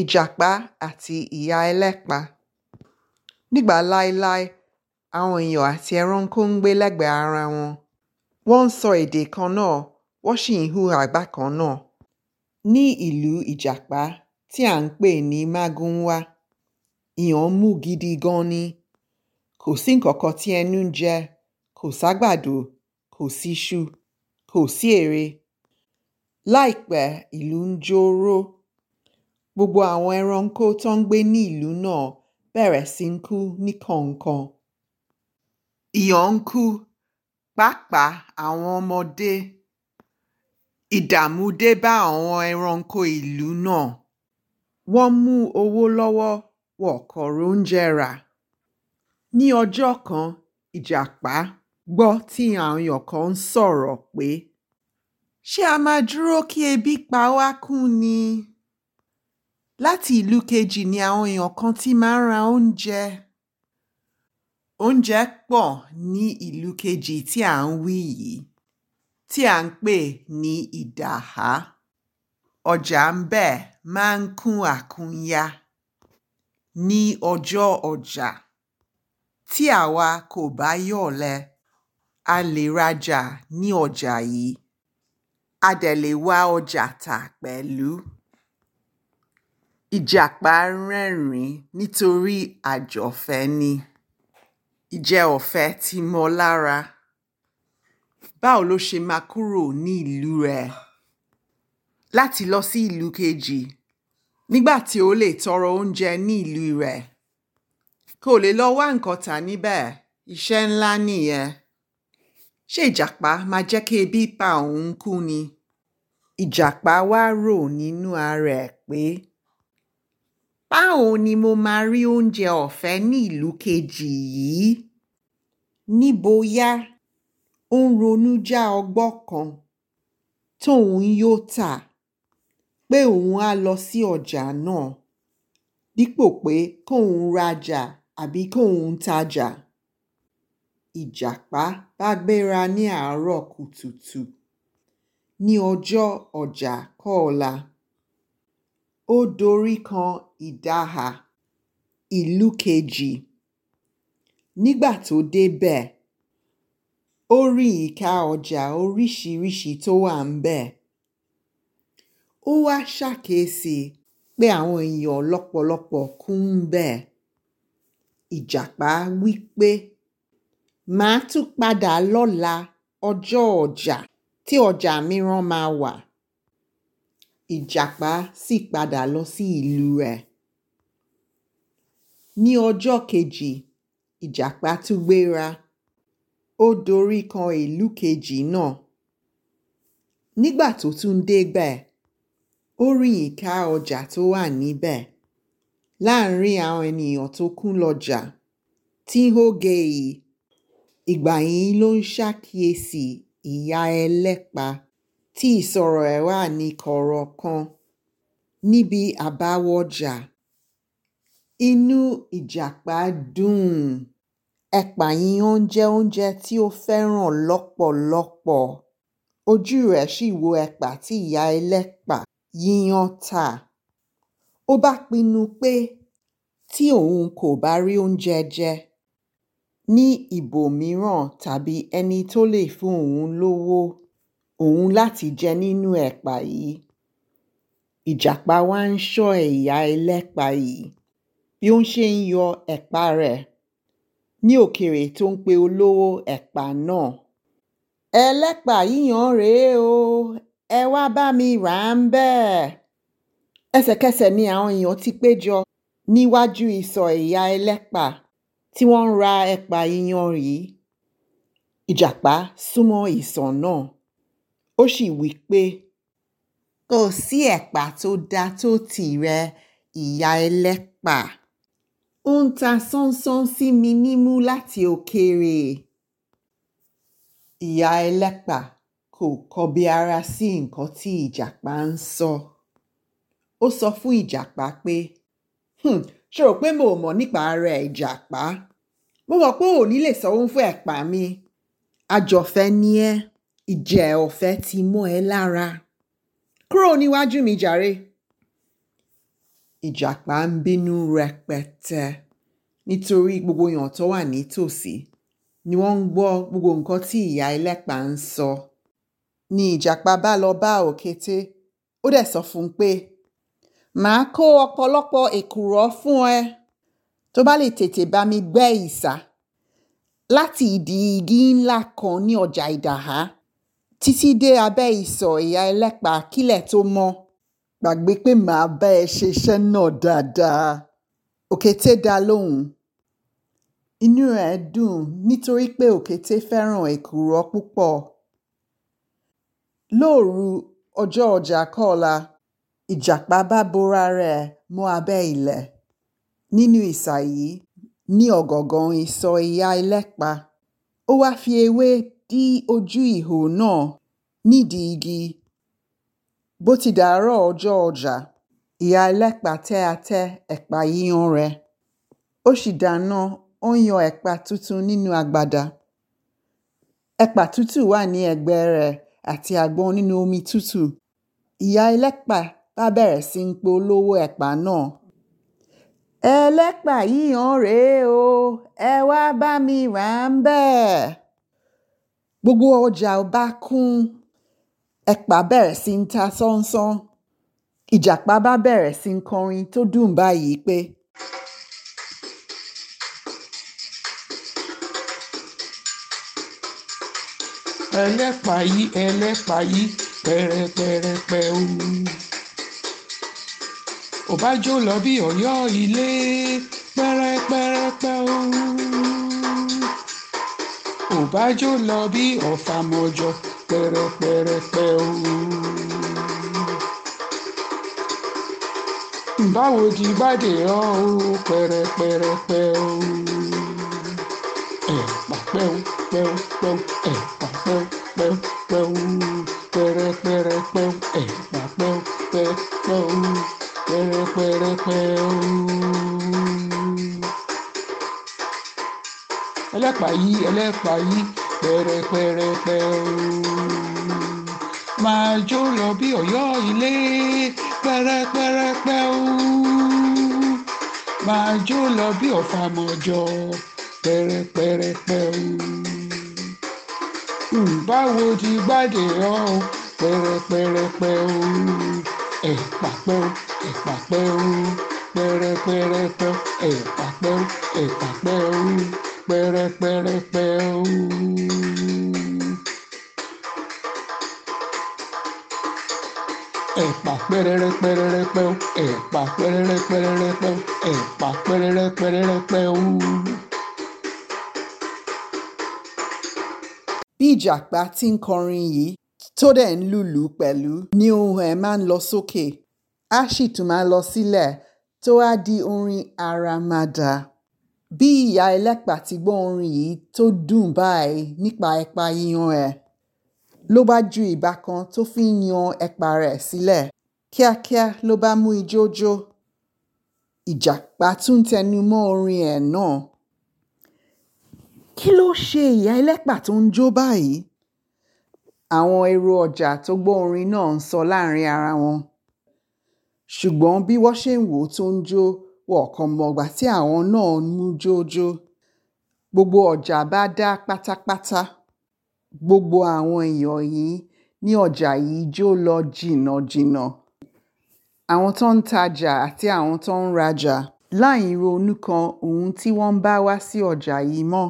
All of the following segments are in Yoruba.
ìjàpá àti ìyá ẹlẹ́pà. Nígbà láéláé, àwọn èèyàn àti ẹranko ń gbé lẹ́gbẹ̀ẹ́ ara wọn. Wọ́n ń sọ èdè kan náà, wọ́n sì ń hùwà bákan náà. Ní ìlú ìjàpá tí à ń pè ní Magunwa, ìyàn mú gidi gan ni. Kò sí nǹkan kan tí ẹnu ń jẹ, kò ságbàdo, kò síṣu, kò sí ère. Láìpẹ́, ìlú ń jóró gbogbo àwọn ẹranko tó ń gbé ní ìlú náà bẹ̀rẹ̀ sí ń kú ní kọ̀ọ̀kan. Ìyàn ń kú, pàápàá àwọn ọmọdé. Ìdààmú dé bá àwọn ẹranko ìlú náà. Wọ́n mú owó lọ́wọ́, wọn kò róúnjẹ rà. Ní ọjọ́ kan, Ìjàpá gbọ́ tí àwọn kan ń sọ̀rọ̀ pé ṣé a máa dúró kí ebi pa wá kú ni? Láti ìlú kejì ni àwọn èèyàn kan ti máa ń ra oúnjẹ. Oúnjẹ pọ̀ ní ìlú kejì tí à ń wí yìí, tí à ń pè ní Ìdàhà. Ọjà ń bẹ̀ máa ń kún àkúnya ní ọjọ́ ọjà. Tí àwa kò bá yọ̀lẹ, a lè rajà ní ọjà yìí, a dẹ̀ lè wá ọjà tà pẹ̀lú. Ìjàpá rẹ́rìn-ín nítorí àjọ̀fẹ́ ni. Ìjẹ ọ̀fẹ́ ti mọ lára. Báwo ló ṣe máa kúrò ní ìlú ẹ̀ láti lọ sí ìlú kejì nígbà tí ó lè tọrọ oúnjẹ ní ìlú rẹ̀? Kò lè lọ wá nǹkan tà níbẹ̀, iṣẹ́ ńlá nìyẹn. Ṣé Ìjàpá máa jẹ́ kí ebi pa òun kú ni? Ìjàpá wá rò nínú ara ẹ̀ pé Báwo ni mo máa rí oúnjẹ ọ̀fẹ́ ní ìlú kejì yìí? Ní boyá, ó ń ronú já ọgbọ́n kan tóun yóò tà, pé òun á lọ sí ọjà náà, dípò pé kóun rajà àbí kóun tajà. Ìjàpá bá gbéra ní àárọ̀ kùtùkùtù ní ọjọ́ ọjà kọ́ọ̀la ó dorí kan ìdáhà ìlú kejì nígbà tó débẹ̀ ó rí ìka ọjà oríṣiríṣi tó wà ń bẹ̀ ó wá ṣàkíyèsí pé àwọn èèyàn lọ́pọ̀lọpọ̀ kú ń bẹ̀ ìjàpá wí pé màá tún padà lọ́la ọjọ́ ọjà tí ọjà mìíràn máa wà ìjàpá sì padà lọ sí ìlú rẹ̀. Ní ọjọ́ kejì, ìjàpá tún gbéra, ó dorí kan ìlú kejì náà. Nígbà tó tún débẹ̀, ó rí ìka ọjà tó wà níbẹ̀ láàárín àwọn ènìyàn tó kún lọ́jà tí ó ge yìí. Ìgbà yìí ló ń ṣàkíyèsí ìyá ẹlẹ́pà tí ìsọ̀rọ̀ ẹ̀ wà ní kọ̀rọ̀ kan níbi àbáwọjà inú ìjàpá dùn ẹ̀pà yíyan jẹ́ oúnjẹ tí ó fẹ́ràn lọ́pọ̀lọpọ̀ ojú rẹ̀ sì wo ẹ̀pà tí ìyá ẹlẹ́pà yíyan tà ó bá pinnu pé tí òun kò bá rí oúnjẹ jẹ ní ibòmíràn tàbí ẹni tó lè fún òun lówó òun láti jẹ nínú ẹ̀pà yìí. Ìjàpá wá ń ṣọ́ ìyá ẹlẹ́pà yìí bí ó ṣe ń yọ ẹ̀pà rẹ̀ ní òkèrè tó ń pe olówó ẹ̀pà náà. Ẹlẹ́pà yíyan rèé o, ẹ wá bá mi rà á ń bẹ́ẹ̀. Ẹsẹ̀kẹsẹ̀ ni àwọn èèyàn ti péjọ níwájú ìsọ̀ ìyá ẹlẹ́pà tí wọ́n ń ra ẹ̀pà yíyan yìí. Ìjàpá súnmọ́ ìsọ̀ náà Ó sì wí pé, kò sí ẹ̀pà tó da tó tìrẹ ìyá ẹlẹ́pà. Ó ń ta sánsán sí mi nímú láti òkèèrè. Ìyá ẹlẹ́pà kò kọbi ara sí nǹkan tí ìjàpá ń sọ. Ó sọ fún ìjàpá pé, hmm, ṣé rò pé mo mọ̀ nípa ara ìjàpá? Mo mọ̀ pé o ò ní lè fún ẹ̀pà mi. Àjọ̀fẹ́ ni ẹ́ ìjẹ ọ̀fẹ́ ti mọ́ ẹ lára kúrò níwájú mi jàre. ìjàpá ń bínú rẹpẹtẹ nítorí gbogbo èèyàn tó wà nítòsí ni wọ́n ń gbọ́ gbogbo nǹkan tí ìyá ẹlẹ́pàá ń sọ. ni ìjàpá bá lọ bá òkété ó dẹ̀ sọ fún un pé màá kó ọ̀pọ̀lọpọ̀ èkùrọ́ fún ẹ tó bá lè tètè bá mi gbẹ́ ìsà láti ìdí igi ńlá kan ní ọjà ìdàhà títí dé abẹ́ ìsọ̀ ìyá ẹlẹ́pà kílẹ̀ tó mọ́ gbàgbé pé màá bá ẹ ṣe iṣẹ́ náà dáadáa òkété dá lóhùn inú ẹ̀ dùn nítorí pé òkété fẹ́ràn èkùrọ́ púpọ̀ lóòru ọjọ́ ọjà kọ́ọ̀la ìjàpá bá bora rẹ̀ mọ́ abẹ́ ilẹ̀ nínú ìsà yìí ní ọ̀gọ̀ngàn ìsọ̀ ìyá ẹlẹ́pà ó wá fi ewé dí ojú ihò náà nídìí igi. Bó ti dàárọ̀ ọjọ́ ọjà, ìyá ẹlẹ́pà tẹ́ atẹ́ ẹ̀pà yíyan rẹ̀. Ó sì dáná, ó yan ẹ̀pà tuntun nínú agbada. Ẹ̀pà tútù wà ní ẹ̀gbẹ́ rẹ̀ àti àgbọn nínú omi tútù. Ìyá ẹlẹ́pà bá bẹ̀rẹ̀ sí ń polówó ẹ̀pà náà. Ẹlẹ́pà yíyan rè o, ẹ wá bá mi rà ń bẹ́ẹ̀ gbogbo ọjà ọba kún ẹ̀pà bẹ̀rẹ̀ sí ń ta sánsán ìjàpá bá bẹ̀rẹ̀ sí ń kọrin tó dùn báyìí pé. ẹlẹ́pàá yí ẹlẹ́pàá yí pẹ̀rẹ̀pẹ̀rẹ̀pẹ̀ o. òbájú lọ bí ọ̀yọ́ ilé pẹ̀rẹ̀pẹ̀rẹ̀pẹ̀ o kò bá jó lọ bí ọ̀fàmọ́jọ pẹ̀rẹ̀pẹ̀rẹ̀pẹ̀ o. báwo di bàdé ọ o pẹ̀rẹ̀pẹ̀rẹ̀pẹ̀ o. ẹ̀pà pẹ́ù pẹ́ù pẹ́ù ẹ̀pà pẹ́ù pẹ́ù pẹ́ù pẹ̀rẹ̀pẹ̀rẹ̀pẹ̀ ẹ̀pà pẹ́ù pẹ́ù pẹ́ù pẹ̀rẹ̀pẹ̀rẹ̀pẹ̀ o. ẹlẹ́pàá yí ẹlẹ́pàá yí pẹ̀rẹ̀pẹ̀rẹ̀pẹ̀ máa jó lọ bí ọ̀yọ́ ilé pẹ̀rẹ̀pẹ̀rẹ̀pẹ̀ máa jó lọ bí ọ̀fàmọ̀jọ pẹ̀rẹ̀pẹ̀rẹ̀pẹ̀ hmm, báwo ti gbàdé ọ pẹ̀rẹ̀pẹ̀rẹ̀pẹ̀ ẹ̀pàpẹ́ ẹ̀pàpẹ́ pẹ̀rẹ̀pẹ̀rẹ̀pẹ̀ ẹ̀pàpẹ́ ẹ̀pàpẹ́ pẹ́rẹ́pẹ́rẹ́pẹ́ o. ẹ̀pà pẹ́rẹ́rẹ́pẹ́rẹ́pẹ́ o ẹ̀pà pẹ́rẹ́rẹ́pẹ́rẹ́pẹ́ o ẹ̀pà pẹ́rẹ́rẹ́pẹ́rẹ́pẹ́ o. bí ìjàpá ti ń kọrin yìí tó dẹ̀ ń lùlù pẹ̀lú ni ohùn ẹ̀ máa ń lọ sókè á sì tún máa lọ sílẹ̀ tó á di orin àràmàdà. Bí ìyá ẹlẹ́pà ti gbọ́ orin yìí tó dùn báyìí nípa ẹ̀pà yíyan ẹ̀, ló bá ju ìbá kan tó fi ń yan ẹ̀pà rẹ̀ sílẹ̀. Kíákíá ló bá mú ijó jó. Ìjàpá tún tẹnu mọ́ orin ẹ̀ náà. Kí ló ṣe ìyá ẹlẹ́pà tó ń jó báyìí? Àwọn èrò ọjà tó gbọ́ orin náà ń sọ láàárín ara wọn. Ṣùgbọ́n bí wọ́n ṣe ń wò ó tó ń jó, wọn kàn mọ̀gbà tí àwọn náà ń mú jójó gbogbo ọjà bá dá pátápátá gbogbo àwọn èèyàn yìí ní ọjà yìí jó lọ jìnnà jìnnà àwọn tó ń tajà àti àwọn tó ń rajà láì ronú kan ohun tí wọ́n ń bá wá sí ọjà yìí mọ́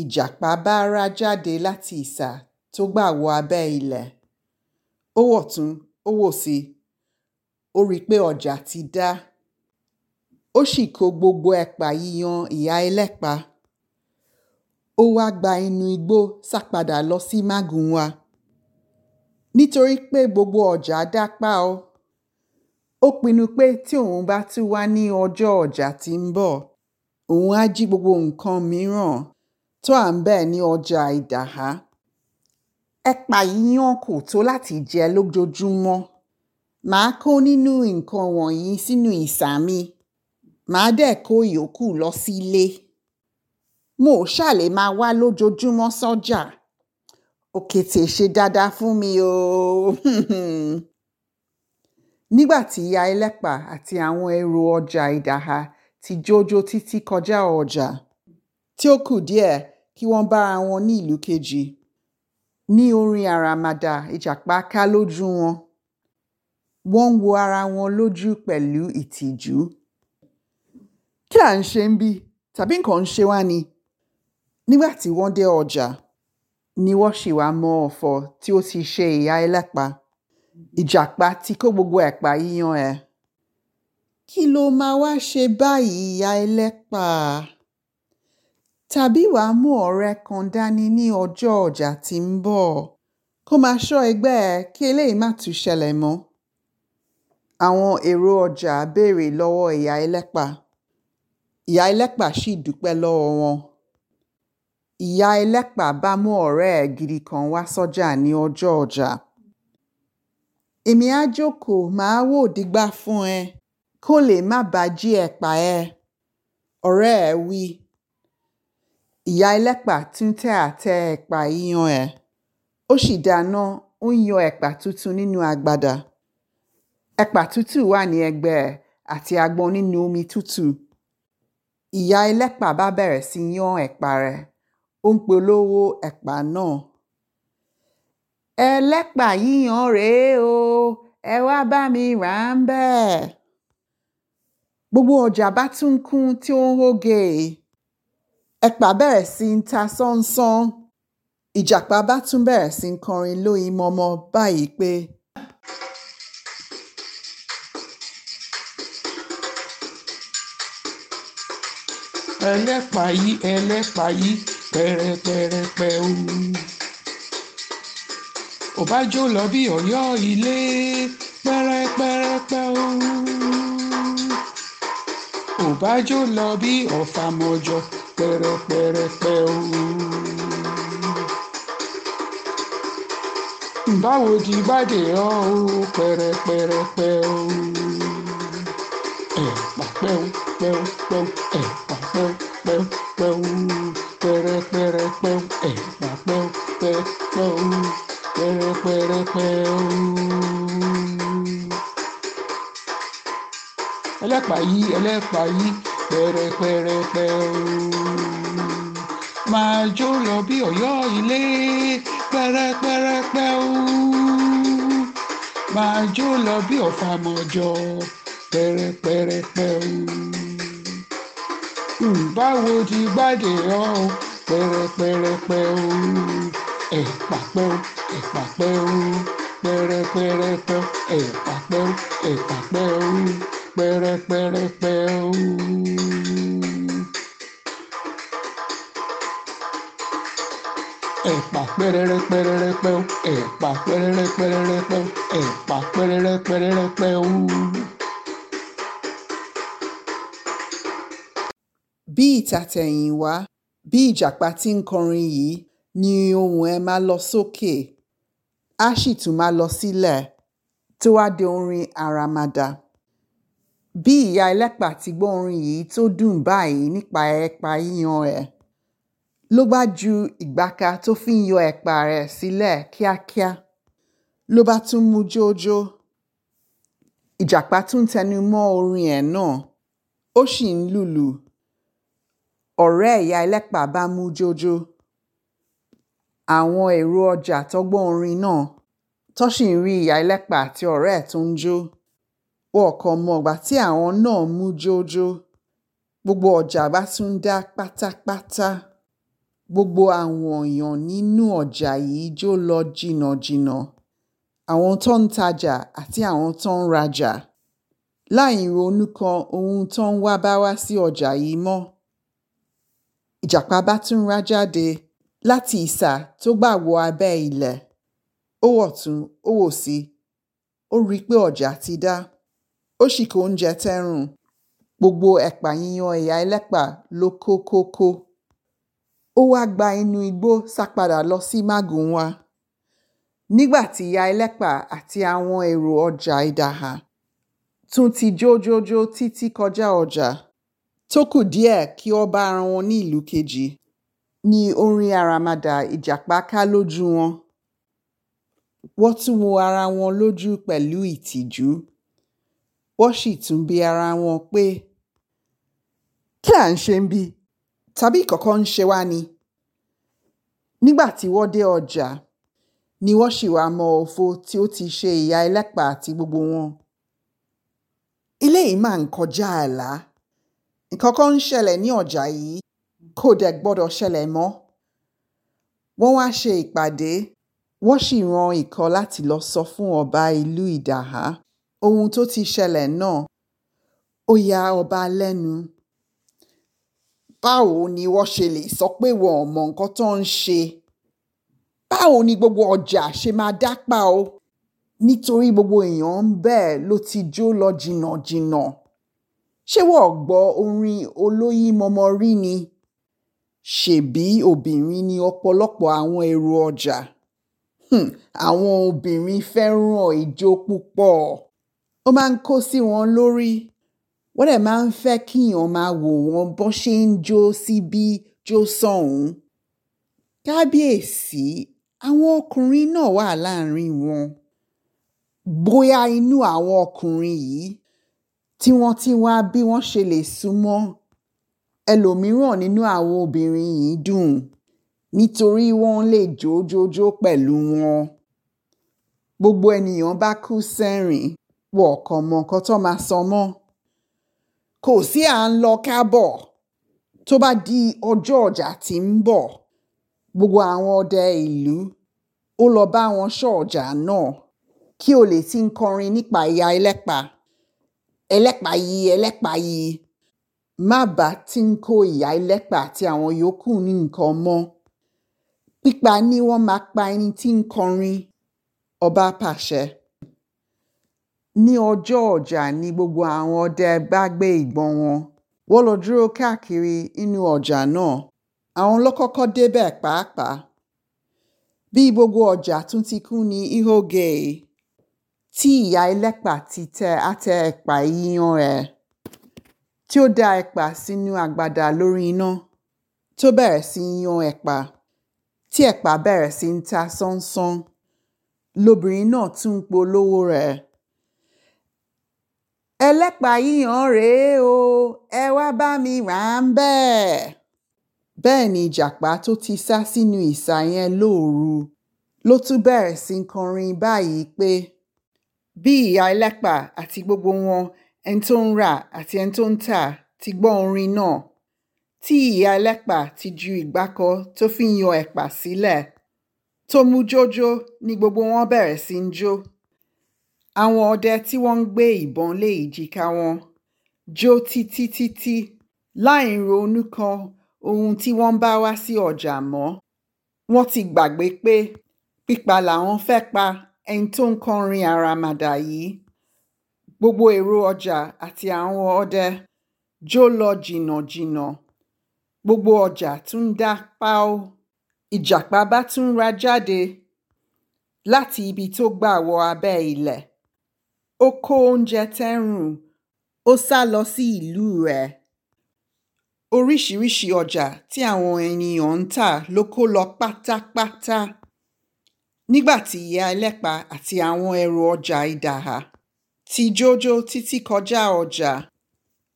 ìjàpá bá ra jáde láti ìsà tó gbà wọ abẹ́ ilẹ̀ ó wọ̀tún ó wòsì ó rí i pé ọjà ti dá ó sì kó gbogbo ẹ̀pà yíyan ìyá ẹlẹ́pà ó wá gba inú igbó sápadà lọ sí Magunwa nítorí pé gbogbo ọjà dápá o ó pinnu pé tí òun bá tún wá ní ọjọ́ ọjà tí ń bọ̀ òun á jí gbogbo nǹkan mìíràn tó à ń bẹ̀ ní ọjà ìdàhá ẹ̀pà yíyan kò tó láti jẹ lójoojúmọ́ màá kó nínú nǹkan wọ̀nyí sínú ìsàmì màá dẹ̀ kó ìyókù lọ sílé. Mo ò ṣàlè máa wá lójoojúmọ́ sọ́jà. Òkètè ṣe dáadáa fún mi o. Nígbà tí ìyá ẹlẹ́pà àti àwọn ẹrù ọjà ìdáha ti jójó títí kọjá ọjà tí ó kù díẹ̀ kí wọ́n bára wọn ní ìlú kejì. Ní orin àràmàdà Ìjàpá ká lójú wọn. Wọ́n ń wo ara wọn lójú pẹ̀lú ìtìjú kí là ń ṣe ń bí tàbí nǹkan ń ṣe wá ni nígbà tí wọ́n dé ọjà ni wọ́n ṣì wá mọ ọ̀fọ̀ tí ó ti ṣe ìyá ẹlẹ́pa ìjàpá ti kó gbogbo ẹ̀pà yíyan ẹ̀. kí ló máa wá ṣe báyìí ìyá ẹlẹ́pa tàbí wàá mú ọ̀rẹ́ kan dání ní ọjọ́ ọjà tí ń bọ̀ kó máa ṣọ́ ẹgbẹ́ ẹ kí eléyìí má tún ṣẹlẹ̀ mọ́. àwọn èrò ọjà béèrè lọ́wọ́ ìyá ẹlẹ́pa. Ìyá ẹlẹ́pà sì dúpẹ́ lọ́wọ́ wọn. Ìyá ẹlẹ́pà bá mú ọ̀rẹ́ ẹ̀ gidi kan wá sọ́jà ní ọjọ́ ọjà. Èmi á jókòó màá wò dígbà fún ẹ kó lè má bàá jí ẹ pa ẹ. Ọ̀rẹ́ ẹ̀ wí. Ìyá ẹlẹ́pà tún tẹ àtẹ ẹ̀pà yíyan ẹ̀. Ó sì dáná ó ń yan ẹ̀pà tuntun nínú agbada. Ẹ̀pà tútù wà ní ẹ̀gbẹ́ ẹ̀ àti àgbọn nínú omi tútù. Ìyá ẹlẹ́pà bá bẹ̀rẹ̀ sí yán ẹ̀pà rẹ̀, ó ń polówó ẹ̀pà náà. Ẹlẹ́pà yíyan rèé o, ẹ wá bá mi rà ń bẹ́ẹ̀. Gbogbo ọjà bá tún kún tí ó ń hóge. Ẹ̀pà bẹ̀rẹ̀ sí ń ta sánsán. Ìjàpá bá tún bẹ̀rẹ̀ sí ń kọrin lóyin mọ̀ọ́mọ̀ báyìí pé. ẹlẹ́pàáyí ẹlẹ́pàáyí pẹ̀rẹ̀pẹ̀rẹ̀pẹ̀ o. òbájú lọ bí ọ̀yọ́ ilé pẹ̀rẹ̀pẹ̀rẹ̀pẹ̀ o. òbájú lọ bí ọ̀fàmọ̀jọ pẹ̀rẹ̀pẹ̀rẹ̀pẹ̀ o. báwo di bàdé ọ o pẹ̀rẹ̀pẹ̀rẹ̀pẹ̀ o. ẹ̀ pàpẹ́ o pẹ́ o pẹ́ o ẹ̀ pẹ́ù pẹ́ù pẹ́ù pẹ́rẹ́ pẹ́rẹ́ pẹ́ù ẹ̀pà pẹ́ù pẹ́ù pẹ́ù pẹ́rẹ́ pẹ́rẹ́ pẹ́ù. ẹlẹ́pàá yí ẹlẹ́pàá yí pẹ́rẹ́ pẹ́rẹ́ pẹ́ù. máa jó lọ bí ọ̀yọ́ ilé pẹ́rẹ́ pẹ́rẹ́ pẹ́ù. máa jó lọ bí ọ̀fà mọ̀jọ́. ìwádìí o pèrèpèrèpè o ìpàpẹ́ o ìpàpẹ́ o pèrèpèrèpè o ìpàpẹ́ o ìpàpẹ́ o pèrèpèrèpè o. Ẹ̀pà pẹ́rẹ́rẹ́ pẹ́rẹ́rẹ́ pẹ́ o, ẹ̀pà pẹ́rẹ́rẹ́ pẹ́rẹ́rẹ́ pẹ́ o, ẹ̀pà pẹ́rẹ́rẹ́ pẹ́rẹ́rẹ́ pẹ́ o. bí ìtàtẹ̀yìnwá bí ìjàpá tí ń kọrin yìí ni ohùn ẹ máa lọ sókè á sì tún máa lọ sílẹ̀ tó wá di orin àràmàdà bí ìyá ẹlẹ́pà ti gbọ́ orin yìí tó dùn báyìí nípa ẹ̀pà yíyan ẹ̀ ló bá ju ìgbàka tó fi ń yọ ẹ̀pà rẹ̀ sílẹ̀ kíákíá ló bá tún mú jójó ìjàpá tún tẹnu mọ́ orin ẹ̀ náà ó sì ń lùlù ọ̀rẹ́ ìyá ẹlẹ́pà bá mú jójó àwọn èrò ọjà tọ́gbọ́n orin náà tó sì ń rí ìyá ẹlẹ́pà àti ọ̀rẹ́ ẹ̀ tó ń jó wọn kò mọ ìgbà tí àwọn náà mú jójó gbogbo ọjà bá tún dá pátápátá gbogbo àwọn èèyàn nínú ọjà yìí jó lọ jìnnàjìnnà àwọn tó ń tajà àti àwọn tó ń rajà láì ronú kan ohun tó ń wá bá wá sí ọjà yìí mọ́ Ìjàpá bá tún rá jáde láti ìsà tó gbà wọ abẹ́ ilẹ̀. Ó wọ̀tún, ó wòsì, ó rí pé ọ̀jà ti dá. Ó sì kó oúnjẹ tẹ́rùn. Gbogbo ẹ̀pà yíyan ẹ̀yà ẹlẹ́pà ló kó kókó. Ó wá gba inú igbó sá lọ sí Mágùnwà. Nígbà tí ìyá ẹlẹ́pà àti àwọn èrò ọjà Ìdàhà tún ti jójójó títí kọjá ọjà tó kù díẹ̀ kí wọ́n bá ara wọn ní ìlú kejì ni orin àràmàdà ìjàpá ká lójú wọn wọ́n tún wo ara wọn lójú pẹ̀lú ìtìjú wọ́n sì tún bi ara wọn pé kí à ń ṣe ń bí tàbí ìkọ̀kọ̀ ń ṣe wá ni nígbà tí wọ́n dé ọjà ni wọ́n sì wá mọ òfo tí ó ti ṣe ìyá ẹlẹ́pà àti gbogbo wọn ilé yìí máa ń kọjá àlá nǹkan kan ń ṣẹlẹ̀ ní ọjà yìí kò dẹ̀ gbọ́dọ̀ ṣẹlẹ̀ mọ́. wọ́n wá ṣe ìpàdé wọ́n sì ran ikọ̀ láti lọ sọ fún ọba ìlú ìdàhà ohun tó ti ṣẹlẹ̀ náà ó ya ọba lẹ́nu. báwo ni wọ́n ṣe lè sọ pé wọn ò mọ nǹkan tó ń ṣe báwo ni gbogbo ọjà ṣe máa dápà o nítorí gbogbo èèyàn ń bẹ́ẹ̀ ló ti jó lọ jìnnà jìnnà ṣé wọ́n gbọ́ orin olóyìn mọ́mọ́ rí ni ṣèbí obìnrin ni ọ̀pọ̀lọpọ̀ àwọn èrò ọjà hmm, àwọn obìnrin fẹ́ràn ìjó púpọ̀ ó máa ń kó sí wọn lórí wọ́n dẹ̀ máa ń fẹ́ kíyàn máa wò wọ́n bó ṣe ń jó síbí jó sọ̀hún kábíyèsí àwọn ọkùnrin náà wà láàrin wọn bóyá inú àwọn ọkùnrin yìí tí wọ́n ti wá bí wọ́n ṣe lè súnmọ́ ẹlòmíràn nínú àwọn obìnrin yìí dùn nítorí wọ́n lè jójójó pẹ̀lú wọn. gbogbo ènìyàn bá kú sẹ́rìn wọ̀ ọ̀kan mọ̀ nǹkan tó máa sọ mọ́. kò sí à ń lọ kábọ̀ tó bá di ọjọ́ ọjà tí ń bọ̀ gbogbo àwọn ọdẹ ìlú ó lọ bá wọn ṣọ́ ọjà náà kí o lè ti ń kọrin nípa ìyá ẹlẹ́pàá ẹlẹ́pàá yìí ẹlẹ́pàá yìí má bàá tí ń kó ìyá ẹlẹ́pàá àti àwọn yòókù ní nǹkan mọ́ pípa ni wọ́n máa pa ẹni tí ń kọrin ọba pàṣẹ. ní ọjọ́ ọjà ni gbogbo àwọn ọdẹ bá gbé ìbọn wọn wọ́n lọ dúró káàkiri inú ọjà náà àwọn lọ́kọ́kọ́ débẹ̀ pàápàá bí gbogbo ọjà tún ti kú ní ihò tí ìyá ẹlẹ́pà ti tẹ àtẹ ẹ̀pà yíyan ẹ̀ tí ó da ẹ̀pà sínú àgbàdà lórí iná tí ó bẹ̀rẹ̀ sí í yan ẹ̀pà tí ẹ̀pà bẹ̀rẹ̀ sí í ta sánsán lobìnrin náà tún ń polówó rẹ̀ ẹlẹ́pà yíyan rèé o ẹ wá bá mi rà á ń bẹ́ẹ̀. bẹ́ẹ̀ ni ìjàpá tó ti sá sínú ìsà yẹn lóòru ló tún bẹ̀rẹ̀ sí í kọrin báyìí pé bí ìyá ẹlẹ́pà àti gbogbo wọn ẹni tó ń rà àti ẹni tó ń tà ti gbọ́ orin náà tí ìyá ẹlẹ́pà ti ju ìgbákọ tó fi ń yan ẹ̀pà sílẹ̀ tó mú jójó ni gbogbo wọn bẹ̀rẹ̀ sí ń jó àwọn ọdẹ tí wọ́n ń gbé ìbọn lé ìjìká wọn jó títí títí láì ronú kan ohun tí wọ́n bá wá sí ọjà mọ́ wọ́n ti gbàgbé pé pípa làwọn fẹ́ pa ẹni tó ń kọrin àràmàdà yìí gbogbo èrò ọjà àti àwọn ọdẹ jó lọ jìnnàjìnnà gbogbo ọjà tún dá páó ìjàpá bá tún ra jáde láti ibi tó gbà wọ abẹ́ ilẹ̀ ó kó oúnjẹ tẹ́rùn ó sá lọ sí ìlú rẹ̀ oríṣiríṣi ọjà tí àwọn ènìyàn ń tà ló kó lọ pátápátá nígbà tí ìyá ẹlẹ́pa àti àwọn ẹrù ọjà ìdáhà ti jójó títí kọjá ọjà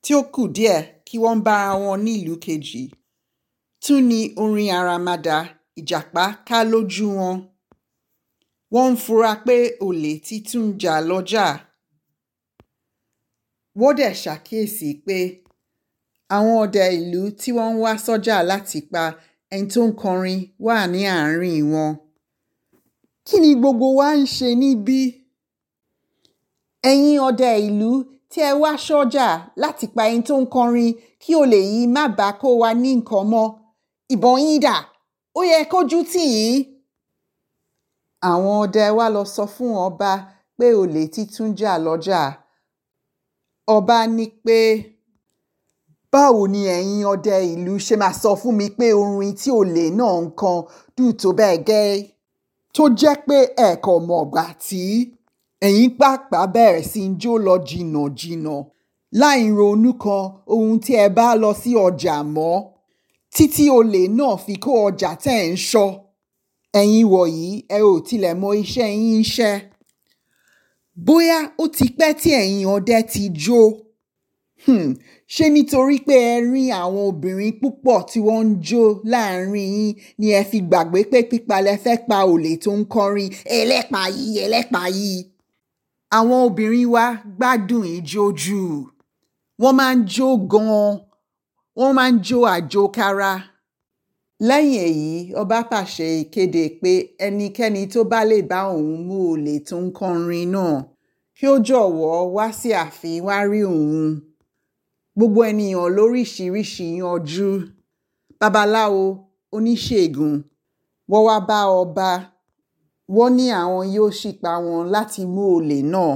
tí ó kù díẹ̀ kí wọ́n bára wọn ní ìlú kejì tún ni orin àràmàdà ìjàpá ká lójú wọn wọ́n ń fura pé olè ti tún jà lọ́jà wọ́n dẹ̀ ṣàkíyèsí pé àwọn ọdẹ ìlú tí wọ́n ń wá sọ́jà láti pa ẹni tó ń kọrin wà ní àárín wọn Kí ni gbogbo wa ń ṣe níbí? Ẹ̀yin ọdẹ ìlú tí ẹ wá sọ́jà láti pa ẹni tó ń kọrin kí olè yìí má bàa kó wa ní nǹkan mọ́. Ìbọn yín dà, ó yẹ kójú tì yín. Àwọn ọdẹ wa lọ sọ fún ọba pé olè ti tún jà lọ́jà. Ọba ní pé báwo ni ẹ̀yin ọdẹ ìlú ṣe máa sọ fún mi pé orin tí olè náà ń kan dùn tó bẹ́ẹ̀ gẹ́? tó jẹ́ pé ẹ̀kọ́ mọ̀gbà tí ẹ̀yin pàápàá bẹ̀rẹ̀ sí ń jó lọ jìnnà jìnnà láì ronú kan ohun tí ẹ bá lọ sí ọjà mọ́ títí olè náà fi kó ọjà tẹ̀ ń ṣọ ẹ̀yin wọ̀nyí ẹ ò tilẹ̀ mọ iṣẹ́ yín ń ṣe bóyá ó ti pẹ́ tí ẹ̀yin ọdẹ ti jó Hmm, ṣé nítorí pé ẹ rí àwọn obìnrin púpọ̀ tí wọ́n ń jó láàrin yín ni ẹ fi gbàgbé pé pípa fẹ́ pa olè tó ń kọrin ẹlẹ́pàá yìí ẹlẹ́pàá yìí. àwọn obìnrin wa gbádùn ijó jù wọ́n máa ń jó gan-an wọ́n máa ń jó àjòkára. lẹ́yìn èyí ọba pàṣẹ ìkéde pé ẹnikẹ́ni tó bá lè bá òun mú olè tó ń kọrin náà kí ó jọ̀wọ́ wá sí ààfin wá rí òun gbogbo ènìyàn lóríṣiríṣi yanjú babaláwo oníṣègùn wọ́n wá bá ọba wọ́n ní àwọn yóò ṣìpa wọn láti mú olè náà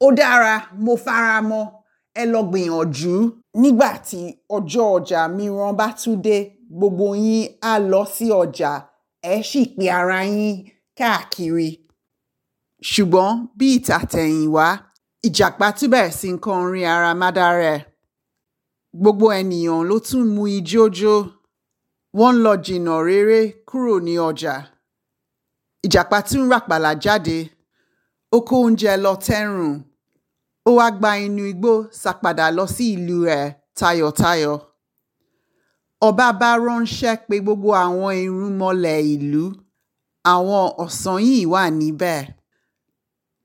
ó dára mo fara mọ́ ẹ lọ gbìyànjú nígbà tí ọjọ́ ọjà mìíràn bá tún dé gbogbo yín á lọ sí ọjà ẹ sì pe ara yín káàkiri ṣùgbọ́n bí ìtàtẹ̀yìnwá ìjàpá tún bẹ̀rẹ̀ sí ń kọ orin àràmàdà rẹ̀ gbogbo ènìyàn ló tún mú ijó jó wọ́n ń lọ jìnnà réré kúrò ní ọjà ìjàpá tún ràpàlà jáde ó kó oúnjẹ lọ tẹ́rùn ó wá gba inú igbó sàpadà lọ sí ìlú rẹ̀ tayọ̀tayọ̀ ọba bá ránṣẹ́ pé gbogbo àwọn irúnmọlẹ̀ ìlú àwọn ọ̀sán yìí wà níbẹ̀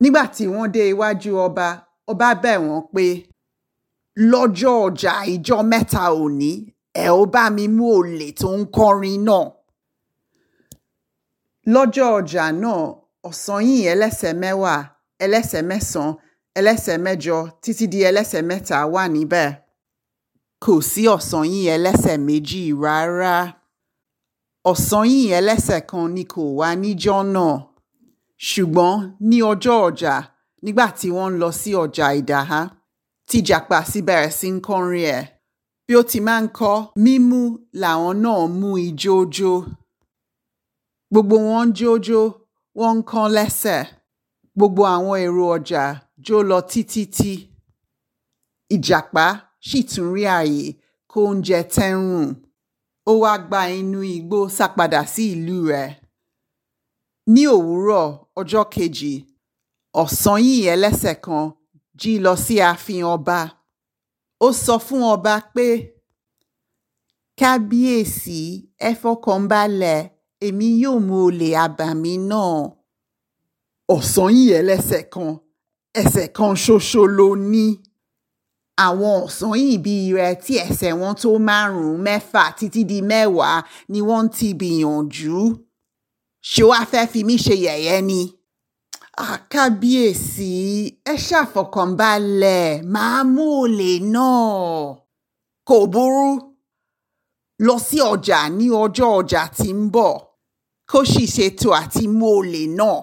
nígbà tí wọ́n dé iwájú ọba ọba bẹ̀ wọ́n pé lọ́jọ́ ọjà ìjọ mẹ́ta òní ẹ̀ ó bá mi mú olè tó ń kọrin náà. lọ́jọ́ ọjà náà ọ̀sán yìí ẹlẹ́sẹ̀ mẹ́wàá ẹlẹ́sẹ̀ mẹ́sàn-án ẹlẹ́sẹ̀ mẹ́jọ títí di ẹlẹ́sẹ̀ mẹ́ta wà níbẹ̀ kò sí ọ̀sán yìí ẹlẹ́sẹ̀ méjì rárá ọ̀sán yìí ẹlẹ́sẹ̀ kan ni kò wá níjọ́ náà ṣùgbọ́n ní ọjọ́ ọjà nígbà tí wọ́n ń lọ sí ọjà ìdáhá tí jàpá sì bẹ̀rẹ̀ sí ń kọrin ẹ̀ bí ó ti máa ń kọ́ mímú làwọn náà mú ijójó gbogbo wọn ń jójó wọ́n ń kán lẹ́sẹ̀ gbogbo àwọn èrò ọjà jó lọ títítí ìjàpá sì tún rí ààyè kó oúnjẹ tẹ́rùn ó wá gba inú igbó sá sí ìlú rẹ̀ ní òwúrọ̀ ọjọ́ kejì ọ̀sán yìnyín ẹlẹ́sẹ̀ kan jí lọ sí ààfin ọba ó sọ fún ọba pé kábíyèsí ẹ fọkànbalẹ̀ èmi yóò mú olè àbàmì náà ọ̀sán yìnyín ẹlẹ́sẹ̀ kan ẹsẹ̀ kan ṣoṣo ló ní àwọn ọ̀sán yìí bíi rẹ tí ẹsẹ̀ wọn tó márùn-ún mẹ́fà títí di mẹ́wàá ni wọ́n ti gbìyànjú ṣé wàá fẹ́ fi mí ṣe yẹ̀yẹ́ ni. àkábíyèsí ah, ẹ ṣàfọkànbalẹ̀ máa mú olè náà. kò burú lọ sí ọjà ní ọjọ́ ọjà tí ń bọ̀ kó sì ṣètò àti mú olè náà.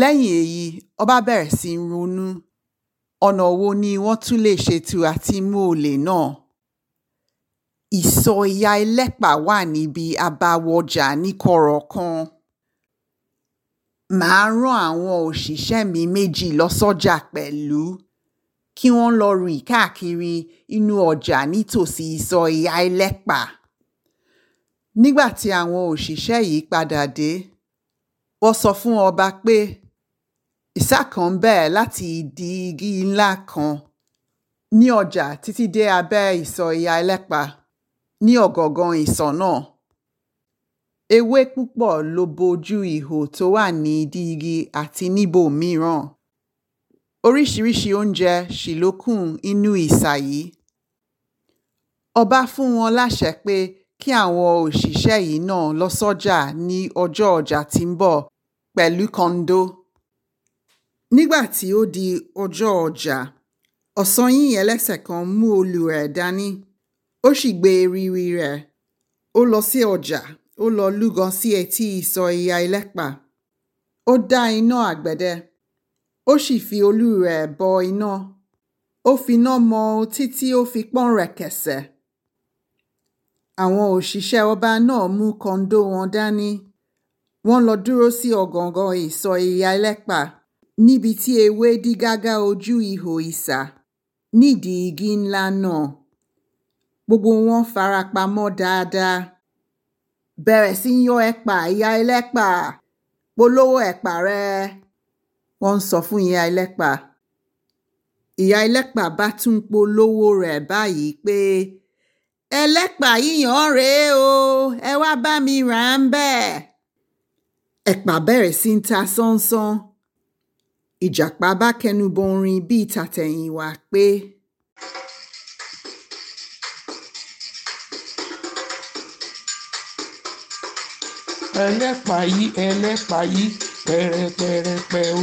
lẹ́yìn èyí ọba bẹ̀rẹ̀ sí í ronú ọ̀nà wo ni wọ́n tún lè ṣètò àti mú olè náà. Ìsọ̀ ìyá ẹlẹ́pà wà níbi àbáwọjà níkọ̀rọ̀kan. Màá rán àwọn òṣìṣẹ́ mi méjì lọ sọ́jà pẹ̀lú kí wọ́n lọ rìn káàkiri inú ọjà nítòsí ìsọ̀ ìyá ẹlẹ́pà. Nígbà tí àwọn òṣìṣẹ́ yìí padà dé, wọ́n sọ fún ọba pé ìsá kan ń bẹ̀ láti ìdí igi ńlá kan ní ọjà títí dé abẹ́ ìsọ̀ ìyá ẹlẹ́pà ní ọ̀gọ̀ngàn ìsàn náà ewé púpọ̀ ló bojú ihò tó wà ní ìdí igi àti níbò mìíràn oríṣiríṣi oúnjẹ sì ló kùn inú ìsà yìí ọba fún wọn láṣẹ pé kí àwọn òṣìṣẹ́ yìí náà lọ sọ́jà ní ọjọ́ ọjà tí ń bọ̀ pẹ̀lú kọ́ńdó nígbà tí ó di ọjọ́ ọjà ọ̀sán yìnyín ẹlẹ́sẹ̀ kan mú olùrẹ̀ dání ó sì gbé riri rẹ̀ ó lọ sí ọjà ó lọ lúgan sí etí ìsọ̀ ìyá ẹlẹ́pà ó dá iná àgbẹ̀dẹ ó sì fi olú rẹ̀ bọ iná ó finá mọ títí ó fi pọ́n rẹ̀ kẹsẹ̀ àwọn òṣìṣẹ́ ọba náà mú kọ́ńdó wọn dání wọ́n lọ dúró sí ọ̀gàngàn ìsọ̀ ìyá ẹlẹ́pà níbi tí ewé dí gágá ojú ihò ìsà nídìí igi ńlá náà gbogbo wọn fara pamọ́ dáadáa bẹ̀rẹ̀ sí í yan ẹ̀pà ìyá ẹlẹ́pà polówó ẹ̀pà rẹ wọ́n ń sọ fún ìyá ẹlẹ́pà ìyá ẹlẹ́pà bá tún polówó rẹ̀ báyìí pé ẹlẹ́pà yíyan rèé o ẹ wá bá mi rà á ń bẹ́ẹ̀ sí ta sánsán ìjàpá bá kẹnu bíi tàtẹ̀yìnwá pé. ẹlẹ́pàáyí ẹlẹ́pàáyí pẹ̀rẹ̀pẹ̀rẹ̀pẹ̀ o.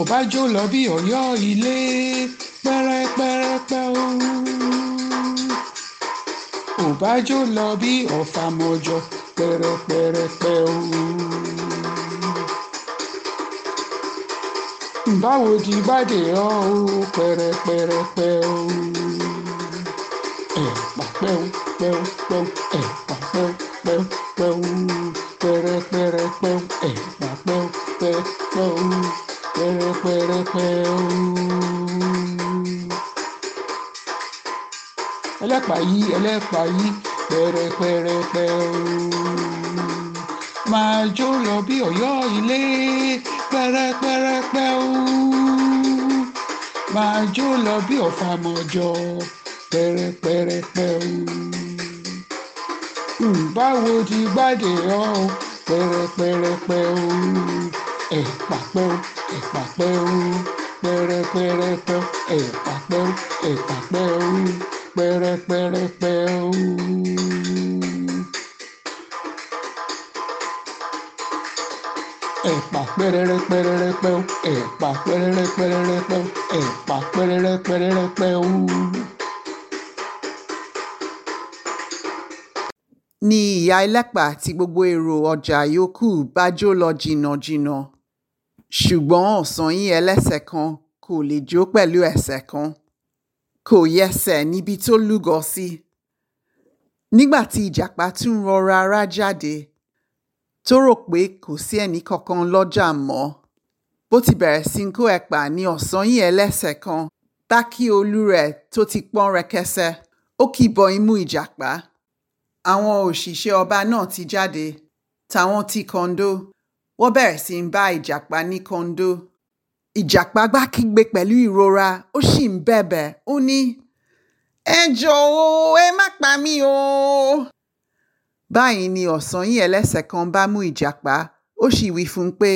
òbájú lọ bí ọ̀yọ́ ilé pẹ̀rẹ̀pẹ̀rẹ̀pẹ̀ o. òbájú lọ bí ọ̀fàmọ̀jọ pẹ̀rẹ̀pẹ̀rẹ̀pẹ̀ o. báwo di bàdé ọ o pẹ̀rẹ̀pẹ̀rẹ̀pẹ̀ o. ẹ̀pà pẹ́ù pẹ́ù pẹ́ù ẹ̀pà. ẹlẹ́pàá yìí ẹlẹ́pàá yìí pẹ̀rẹ̀pẹ̀rẹ̀pẹ̀ máa jó lọ bí ọ̀yọ́ ilé pẹ̀rẹ̀pẹ̀rẹ̀pẹ̀ máa jó lọ bí ọ̀fàmọ̀jọ pẹ̀rẹ̀pẹ̀rẹ̀pẹ̀. Hmm, báwo ti gbàdé rọ o pẹrẹpẹrẹpẹ o ẹpàpẹ o ẹpàpẹ o pẹrẹpẹrẹpẹ ẹpàpẹ o ẹpàpẹ o pẹrẹpẹrẹpẹ o. ẹ̀pà pẹ́rẹ́rẹ́ pẹ́rẹ́rẹ́ pẹ́ o ẹ̀pà pẹ́rẹ́rẹ́ pẹ́rẹ́rẹ́ pẹ́ o ẹ̀pà pẹ́rẹ́rẹ́ pẹ́rẹ́rẹ́ pẹ́ o. ni ìyá ẹlẹ́pà àti gbogbo èrò ọjà yòókù bá jó lọ jìnnàjìnnà ṣùgbọ́n ọ̀sán yín ẹlẹ́sẹ̀ kan kò lè jó pẹ̀lú ẹsẹ̀ kan kò yẹsẹ̀ níbi tó lúgọ sí nígbà tí ìjàpá tún rọra ara jáde tó rò pé kò sí ẹnì kankan lọ́jà mọ́ bó ti bẹ̀rẹ̀ sí ń kó ẹ̀pà ní ọ̀sán yín ẹlẹ́sẹ̀ kan tákì olú rẹ̀ tó ti pọ́n rẹ̀kẹsẹ̀ ó kì bọ imú ìjàpá àwọn òṣìṣẹ́ ọba náà ti jáde tàwọn ti Kàndó wọ́n bẹ̀rẹ̀ sí ń bá ìjàpá ní Kàndó ìjàpá gbá kígbe pẹ̀lú ìrora ó sì ń bẹ̀bẹ̀ ó ní ẹ jọ̀ọ́ ẹ má pa mí o. báyìí ni ọ̀sán yìí ẹlẹ́sẹ̀ kan bá mú ìjàpá ó sì wí fún un pé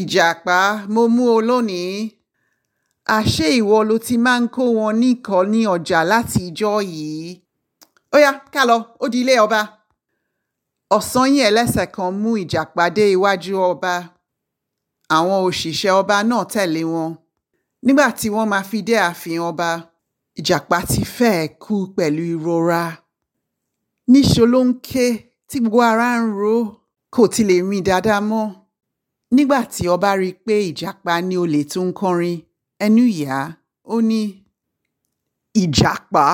ìjàpá mo mú o lónìí àṣé ìwọ ló ti máa ń kó wọn níkọ ní ọjà láti ìjọ́ yìí ó yá ká lọ ó di ilé ọba. ọ̀sányìn ẹlẹ́sẹ̀ kan mú ìjàpá dé iwájú ọba àwọn òṣìṣẹ́ ọba náà tẹ̀lé wọn nígbà tí wọ́n máa fi dé ààfin ọba ìjàpá ti fẹ́ẹ̀ kú pẹ̀lú ìrora níṣó ló ń ké tí gbogbo ara ń ro kò ti lè rìn dáadáa mọ́ nígbà tí ọba rí i pé ìjàpá ni olè tó ń kọrin ẹnu yà á ó ní ìjàpá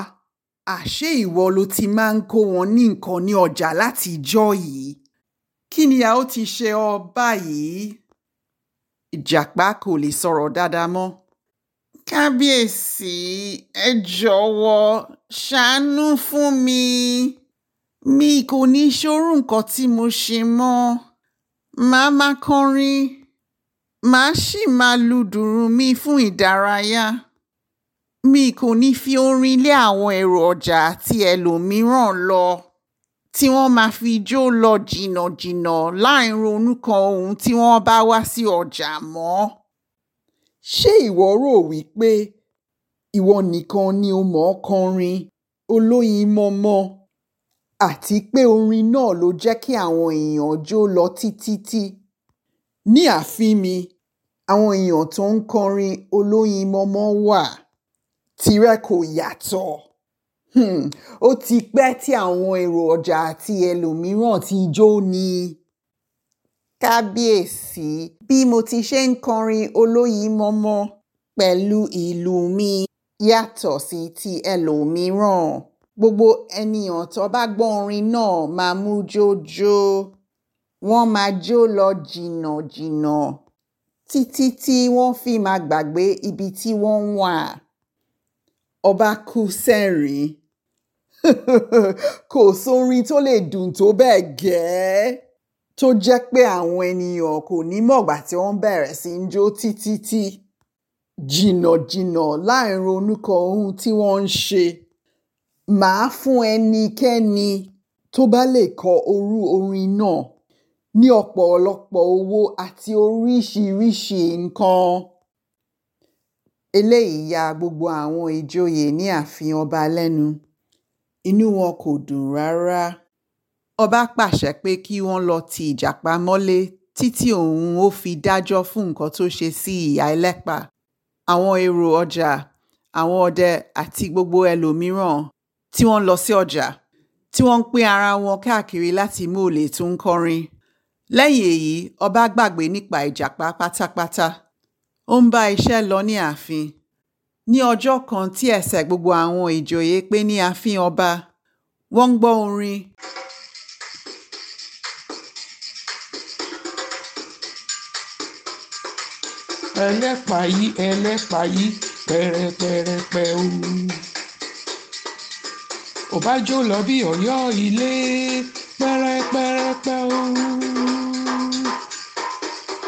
àṣé ìwọ ló ti máa ń kó wọn ní nǹkan ní ọjà láti ìjọ́ yìí kí ni a ó ti ṣe ọ báyìí ìjàpá kò lè sọ̀rọ̀ dáadáa mọ́. kábíyèsí ẹ jọ̀wọ́ ṣàánú fún mi mi kò ní ṣòro nǹkan tí mo ṣe mọ́ màá máa kọrin màá sì máa lu dùrù mi fún ìdárayá mi kò ní fi orin lé àwọn èrò ọjà àti ẹlòmíràn lọ tí wọ́n máa fi jó lọ jìnnàjìnnà láì ronú kan ohun tí wọ́n bá wá sí ọjà mọ́. ṣé ìwọ rò wípé ìwọ nìkan ni o mọ̀ ọ́ kọrin olóyin mọ́mọ́ àti pé orin náà ló jẹ́ kí àwọn èèyàn jó lọ títítí. ní àfi mi àwọn èèyàn tó ń kọrin olóyin mọ́mọ́ wà tirẹ̀ kò yàtọ̀. Hmm. ó ti pẹ́ tí àwọn èrò ọjà àti ẹlòmíràn ti jó ni. kábíyèsí bí mo ti ṣe ń kọrin olóyinmọmọ pẹ̀lú ìlú mi yàtọ̀ sí ti ẹlòmíràn gbogbo ènìyàn tó bá gbọ́ orin náà máa mú jójó wọ́n máa jó lọ jìnnà jìnnà títí tí wọ́n fi máa gbàgbé ibi tí wọ́n wà ọba kú sẹ́rìn kò sórin tó lè dùn tó bẹ́ẹ̀ gẹ́ẹ́ tó jẹ́ pé àwọn ènìyàn kò ní mọ̀gbà tí wọ́n bẹ̀rẹ̀ sí ń jó títí tí jìnnàjìnnà láì ronú kan ohun tí wọ́n ń ṣe màá fún ẹnikẹ́ni tó bá lè kọ orú orin náà ní ọ̀pọ̀lọpọ̀ owó àti oríṣiríṣi nǹkan eléyìí ya gbogbo àwọn ìjòyè ní ààfin ọba lẹ́nu inú wọn kò dùn rárá ọba pàṣẹ pé kí wọ́n lọ ti ìjàpá mọ́lé títí òun ó fi dájọ́ fún nǹkan tó ṣe sí ìyá ẹlẹ́pà àwọn èrò ọjà àwọn ọdẹ àti gbogbo ẹlòmíràn tí wọ́n lọ sí ọjà tí wọ́n ń pín ara wọn káàkiri láti mú olè tó ń kọrin lẹ́yìn èyí ọba gbàgbé nípa ìjàpá pátápátá ó ń bá iṣẹ́ lọ ní ààfin ní ọjọ́ kan tí ẹsẹ̀ gbogbo àwọn ìjòyè pé ní ààfin ọba wọ́n ń gbọ́ orin. ẹlẹ́pàáyí ẹlẹ́pàáyí pẹ̀rẹ̀pẹ̀rẹ̀pẹ̀ o. òbájú lọ bí ọ̀yọ́ ilé pẹ̀rẹ̀pẹ̀rẹ̀pẹ̀ o.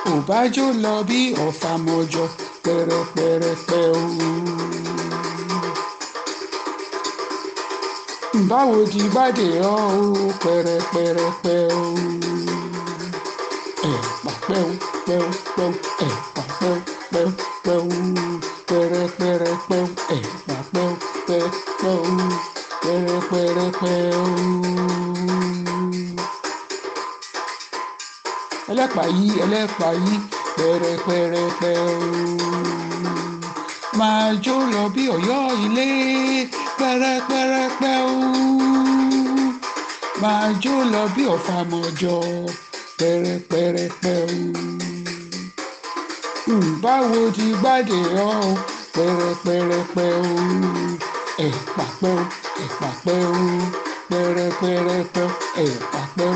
òbájú pera pera pera. pẹ̀rẹ̀pẹ̀rẹ̀pẹ̀ o. báwo pera pera pera. o pẹ̀rẹ̀pẹ̀rẹ̀pẹ̀ o. ẹ̀pà pẹ́ù pẹ́ù pẹ́ù ẹ̀pà Pera pera pera. pẹ̀rẹ̀pẹ̀rẹ̀pẹ̀ ẹ̀pà pẹ́ù pẹ́ù Pera pera pera. ẹlẹ́pàá yí ẹlẹ́pàá yí pẹ̀rẹ̀pẹ̀rẹ̀pẹ̀ máa jó lọ bí ọ̀yọ́ ilé pẹ̀rẹ̀pẹ̀rẹ̀pẹ̀ máa jó lọ bí ọ̀fàmọ̀jọ pẹ̀rẹ̀pẹ̀rẹ̀pẹ̀ báwo ti gbàdé ọ pẹ̀rẹ̀pẹ̀rẹ̀pẹ̀ ẹ̀pàpẹ̀ ẹ̀pàpẹ̀ pẹ̀rẹ̀pẹ̀rẹ̀pẹ̀ ẹ̀pàpẹ̀.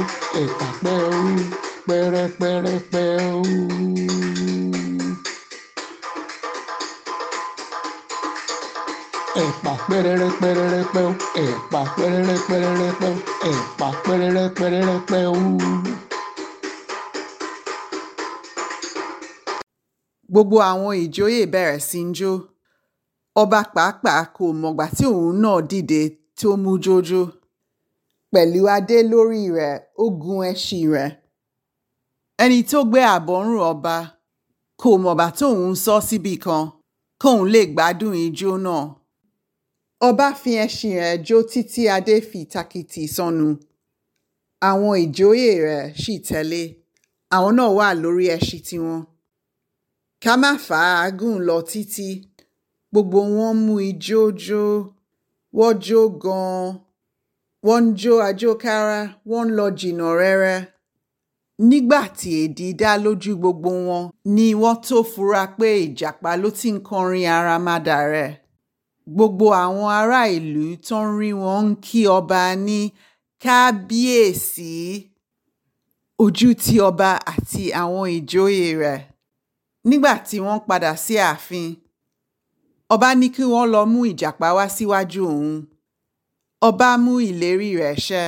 pẹrẹrẹ pẹrẹrẹ pẹ ẹ̀pà pẹrẹrẹ pẹrẹrẹ pẹ ooo. gbogbo àwọn ìjòyè bẹ̀rẹ̀ sí í jó ọba pàápàá kò mọ̀gbà tí òun náà dìde tó mú jójó pẹ̀lú adé lórí rẹ̀ ó gun ẹṣin rẹ̀ ẹni tó gbé àbọ̀rùn ọba kò mọ̀gbà tóun sọ síbi kan kóun lè gbádùn ijó náà ọba fi ẹṣin rẹ̀ jó títí adé fi ìtakìtì sọnù àwọn ìjòyè rẹ̀ sì tẹ̀lé àwọn náà wà lórí ẹṣin tiwọn ká má fàágùn lọ títí gbogbo wọn mú ijó jó wọ́n jó gan-an wọ́n ń jó àjókára wọ́n ń lọ jìnnà rẹ́rẹ́ nígbà tí èdè dá lójú gbogbo wọn ni wọ́n tó fura pé ìjàpá ló ti ń kọrin aramada rẹ̀ gbogbo àwọn ará ìlú tó ń rí wọn ń kí ọba ní kábíyèsí ojú ti ọba àti àwọn ìjòyè rẹ̀ nígbà tí wọ́n padà sí ààfin ọba ní kí wọ́n lọ mú ìjàpá wá síwájú òun ọba mú ìlérí rẹ̀ ṣẹ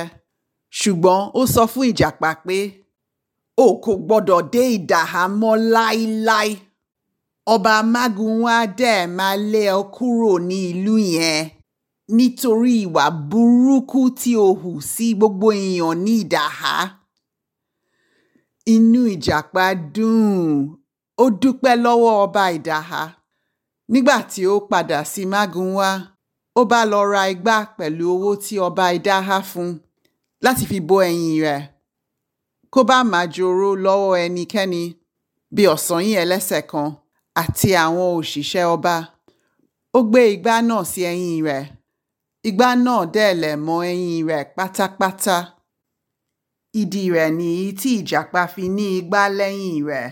ṣùgbọ́n ó sọ fún ìjàpá pé o kò gbọ́dọ̀ dé ìdàhámọ́ láíláí. lai ọba magun wá dẹ̀ máa lé ọ kúrò ní ìlú yẹn nítorí ìwà burúkú tí o hù sí gbogbo èèyàn ní ìdáhà inú ìjàpá dùn ó dúpẹ́ lọ́wọ́ ọba ìdáhà nígbà tí ó padà sí magunwa ó bá lọ ra igbá pẹ̀lú owó tí ọba ìdáhà fún láti fi bo ẹ̀yìn rẹ̀ kó bá máa jòrò lọ́wọ́ ẹnikẹ́ni bí ọ̀sán yìí ẹlẹ́sẹ̀ kan àti àwọn òṣìṣẹ́ ọba ó gbé igbá náà sí ẹ̀yìn rẹ̀ igbá náà dẹ̀lẹ̀ mọ́ ẹ̀yìn rẹ̀ pátápátá ìdí rẹ̀ nìyí tí ìjàpá fi ní igbá lẹ́yìn rẹ̀